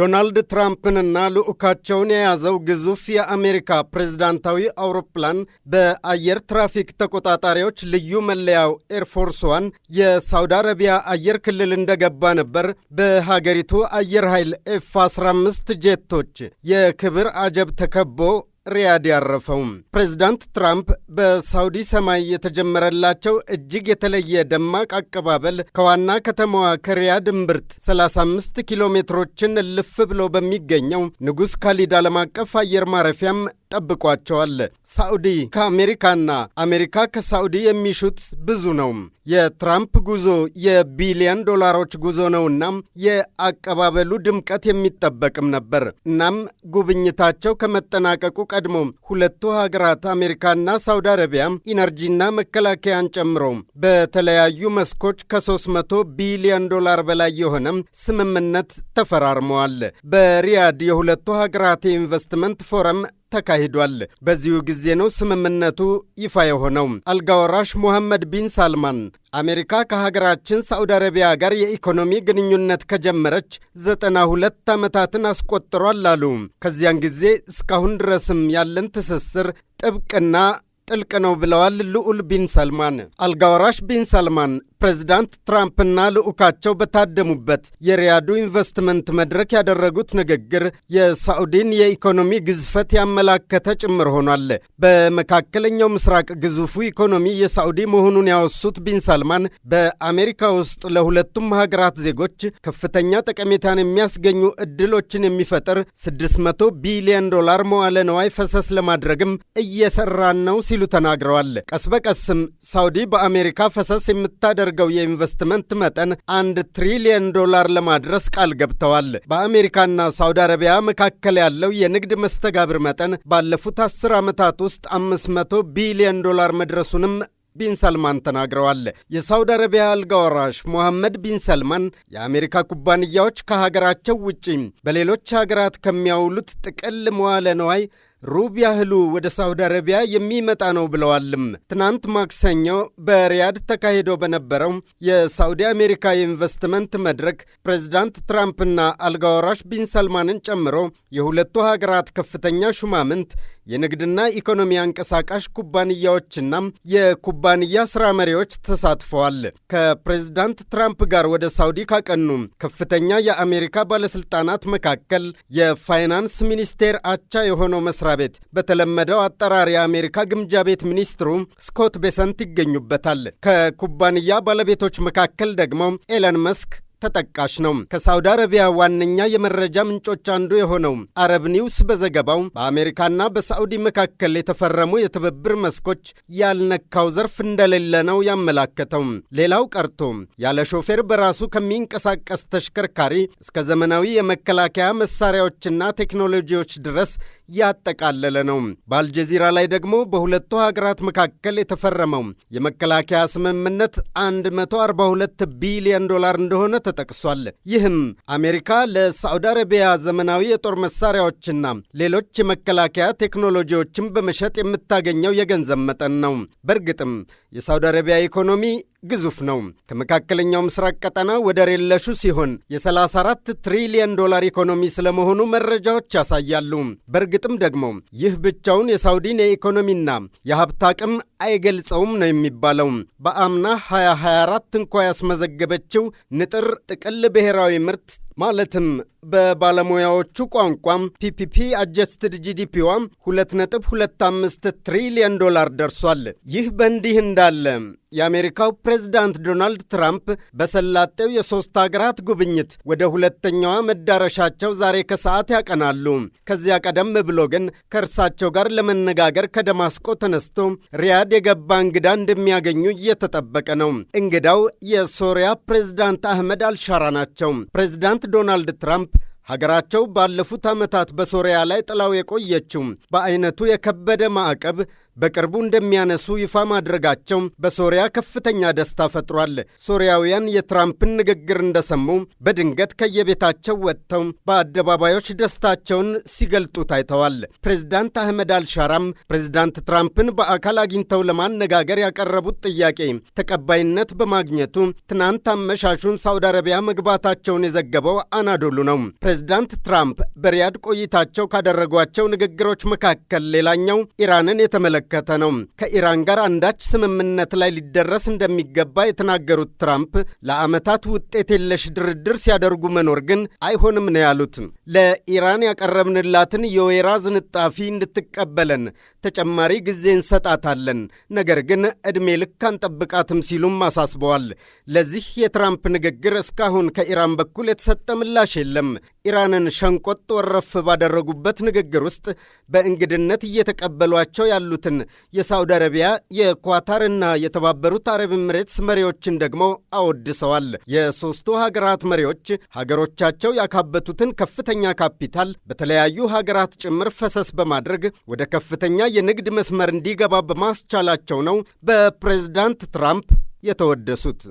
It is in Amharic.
ዶናልድ ትራምፕንና ልዑካቸውን የያዘው ግዙፍ የአሜሪካ ፕሬዝዳንታዊ አውሮፕላን በአየር ትራፊክ ተቆጣጣሪዎች ልዩ መለያው ኤርፎርስ ዋን የሳውዲ አረቢያ አየር ክልል እንደገባ ነበር በሀገሪቱ አየር ኃይል ኤፍ 15 ጄቶች የክብር አጀብ ተከቦ ሪያድ ያረፈው። ፕሬዝዳንት ትራምፕ በሳውዲ ሰማይ የተጀመረላቸው እጅግ የተለየ ደማቅ አቀባበል ከዋና ከተማዋ ከሪያድ እምብርት 35 ኪሎ ሜትሮችን ልፍ ብሎ በሚገኘው ንጉሥ ካሊድ ዓለም አቀፍ አየር ማረፊያም ጠብቋቸዋል። ሳዑዲ ከአሜሪካና አሜሪካ ከሳዑዲ የሚሹት ብዙ ነው። የትራምፕ ጉዞ የቢሊዮን ዶላሮች ጉዞ ነውና የአቀባበሉ ድምቀት የሚጠበቅም ነበር። እናም ጉብኝታቸው ከመጠናቀቁ ቀድሞ ሁለቱ ሀገራት አሜሪካና ሳውዲ አረቢያ ኢነርጂና መከላከያን ጨምሮ በተለያዩ መስኮች ከ300 ቢሊዮን ዶላር በላይ የሆነ ስምምነት ተፈራርመዋል። በሪያድ የሁለቱ ሀገራት የኢንቨስትመንት ፎረም ተካሂዷል። በዚሁ ጊዜ ነው ስምምነቱ ይፋ የሆነው። አልጋወራሽ ሙሐመድ ቢን ሳልማን አሜሪካ ከሀገራችን ሳዑዲ አረቢያ ጋር የኢኮኖሚ ግንኙነት ከጀመረች ዘጠና ሁለት ዓመታትን አስቆጥሯል አሉ። ከዚያን ጊዜ እስካሁን ድረስም ያለን ትስስር ጥብቅና ጥልቅ ነው ብለዋል ልዑል ቢን ሰልማን። አልጋወራሽ ቢን ሰልማን ፕሬዚዳንት ትራምፕና ልዑካቸው በታደሙበት የሪያዱ ኢንቨስትመንት መድረክ ያደረጉት ንግግር የሳዑዲን የኢኮኖሚ ግዝፈት ያመላከተ ጭምር ሆኗል። በመካከለኛው ምስራቅ ግዙፉ ኢኮኖሚ የሳዑዲ መሆኑን ያወሱት ቢን ሳልማን በአሜሪካ ውስጥ ለሁለቱም ሀገራት ዜጎች ከፍተኛ ጠቀሜታን የሚያስገኙ እድሎችን የሚፈጥር 600 ቢሊዮን ዶላር መዋለ ነዋይ ፈሰስ ለማድረግም እየሰራን ነው ሲሉ ተናግረዋል። ቀስ በቀስም ሳዑዲ በአሜሪካ ፈሰስ የምታደ የሚያደርገው የኢንቨስትመንት መጠን አንድ ትሪሊየን ዶላር ለማድረስ ቃል ገብተዋል። በአሜሪካና ሳውዲ አረቢያ መካከል ያለው የንግድ መስተጋብር መጠን ባለፉት አስር ዓመታት ውስጥ 500 ቢሊዮን ዶላር መድረሱንም ቢን ሰልማን ተናግረዋል። የሳውዲ አረቢያ አልጋ ወራሽ ሞሐመድ ቢን ሰልማን የአሜሪካ ኩባንያዎች ከሀገራቸው ውጪ በሌሎች ሀገራት ከሚያውሉት ጥቅል መዋለ ነዋይ ሩብ ያህሉ ወደ ሳውዲ አረቢያ የሚመጣ ነው ብለዋልም። ትናንት ማክሰኞ በሪያድ ተካሂዶ በነበረው የሳውዲ አሜሪካ የኢንቨስትመንት መድረክ ፕሬዚዳንት ትራምፕና አልጋወራሽ ቢን ሰልማንን ጨምሮ የሁለቱ ሀገራት ከፍተኛ ሹማምንት የንግድና ኢኮኖሚ አንቀሳቃሽ ኩባንያዎችና የኩባንያ ስራ መሪዎች ተሳትፈዋል። ከፕሬዚዳንት ትራምፕ ጋር ወደ ሳውዲ ካቀኑ ከፍተኛ የአሜሪካ ባለስልጣናት መካከል የፋይናንስ ሚኒስቴር አቻ የሆነው መስራ መስሪያ ቤት በተለመደው አጠራር የአሜሪካ ግምጃ ቤት ሚኒስትሩ ስኮት ቤሰንት ይገኙበታል። ከኩባንያ ባለቤቶች መካከል ደግሞ ኤለን መስክ ተጠቃሽ ነው። ከሳውዲ አረቢያ ዋነኛ የመረጃ ምንጮች አንዱ የሆነው አረብ ኒውስ በዘገባው በአሜሪካና በሳዑዲ መካከል የተፈረሙ የትብብር መስኮች ያልነካው ዘርፍ እንደሌለ ነው ያመላከተው። ሌላው ቀርቶ ያለ ሾፌር በራሱ ከሚንቀሳቀስ ተሽከርካሪ እስከ ዘመናዊ የመከላከያ መሳሪያዎችና ቴክኖሎጂዎች ድረስ ያጠቃለለ ነው። በአልጀዚራ ላይ ደግሞ በሁለቱ ሀገራት መካከል የተፈረመው የመከላከያ ስምምነት 142 ቢሊዮን ዶላር እንደሆነ ተጠቅሷል። ይህም አሜሪካ ለሳዑዲ አረቢያ ዘመናዊ የጦር መሳሪያዎችና ሌሎች የመከላከያ ቴክኖሎጂዎችን በመሸጥ የምታገኘው የገንዘብ መጠን ነው። በእርግጥም የሳዑዲ አረቢያ ኢኮኖሚ ግዙፍ ነው። ከመካከለኛው ምስራቅ ቀጠና ወደር የለሹ ሲሆን የ34 ትሪሊየን ዶላር ኢኮኖሚ ስለመሆኑ መረጃዎች ያሳያሉ። በእርግጥም ደግሞ ይህ ብቻውን የሳውዲን የኢኮኖሚና የሀብት አቅም አይገልጸውም ነው የሚባለው። በአምና 2024 እንኳ ያስመዘገበችው ንጥር ጥቅል ብሔራዊ ምርት ማለትም በባለሙያዎቹ ቋንቋም ፒፒፒ አጀስትድ ጂዲፒዋም 2.25 ትሪሊየን ዶላር ደርሷል። ይህ በእንዲህ እንዳለ የአሜሪካው ፕሬዝዳንት ዶናልድ ትራምፕ በሰላጤው የሦስት አገራት ጉብኝት ወደ ሁለተኛዋ መዳረሻቸው ዛሬ ከሰዓት ያቀናሉ። ከዚያ ቀደም ብሎ ግን ከእርሳቸው ጋር ለመነጋገር ከደማስቆ ተነስቶ ሪያድ የገባ እንግዳ እንደሚያገኙ እየተጠበቀ ነው። እንግዳው የሶሪያ ፕሬዝዳንት አህመድ አልሻራ ናቸው። ፕሬዝዳንት ዶናልድ ትራምፕ ሀገራቸው ባለፉት ዓመታት በሶሪያ ላይ ጥላው የቆየችው በአይነቱ የከበደ ማዕቀብ በቅርቡ እንደሚያነሱ ይፋ ማድረጋቸው በሶሪያ ከፍተኛ ደስታ ፈጥሯል። ሶሪያውያን የትራምፕን ንግግር እንደሰሙ በድንገት ከየቤታቸው ወጥተው በአደባባዮች ደስታቸውን ሲገልጡ ታይተዋል። ፕሬዚዳንት አህመድ አልሻራም ፕሬዝዳንት ትራምፕን በአካል አግኝተው ለማነጋገር ያቀረቡት ጥያቄ ተቀባይነት በማግኘቱ ትናንት አመሻሹን ሳውዲ አረቢያ መግባታቸውን የዘገበው አናዶሉ ነው። ፕሬዚዳንት ትራምፕ በሪያድ ቆይታቸው ካደረጓቸው ንግግሮች መካከል ሌላኛው ኢራንን የተመለከ የተመለከተ ነው። ከኢራን ጋር አንዳች ስምምነት ላይ ሊደረስ እንደሚገባ የተናገሩት ትራምፕ ለዓመታት ውጤት የለሽ ድርድር ሲያደርጉ መኖር ግን አይሆንም ነው ያሉት። ለኢራን ያቀረብንላትን የወይራ ዝንጣፊ እንድትቀበለን ተጨማሪ ጊዜ እንሰጣታለን፣ ነገር ግን ዕድሜ ልክ አንጠብቃትም ሲሉም አሳስበዋል። ለዚህ የትራምፕ ንግግር እስካሁን ከኢራን በኩል የተሰጠ ምላሽ የለም። ኢራንን ሸንቆጥ ወረፍ ባደረጉበት ንግግር ውስጥ በእንግድነት እየተቀበሏቸው ያሉትን የሳውዲ አረቢያ፣ የኳታርና የተባበሩት አረብ ኤምሬትስ መሪዎችን ደግሞ አወድሰዋል። የሦስቱ ሀገራት መሪዎች ሀገሮቻቸው ያካበቱትን ከፍተኛ ካፒታል በተለያዩ ሀገራት ጭምር ፈሰስ በማድረግ ወደ ከፍተኛ የንግድ መስመር እንዲገባ በማስቻላቸው ነው በፕሬዝዳንት ትራምፕ የተወደሱት።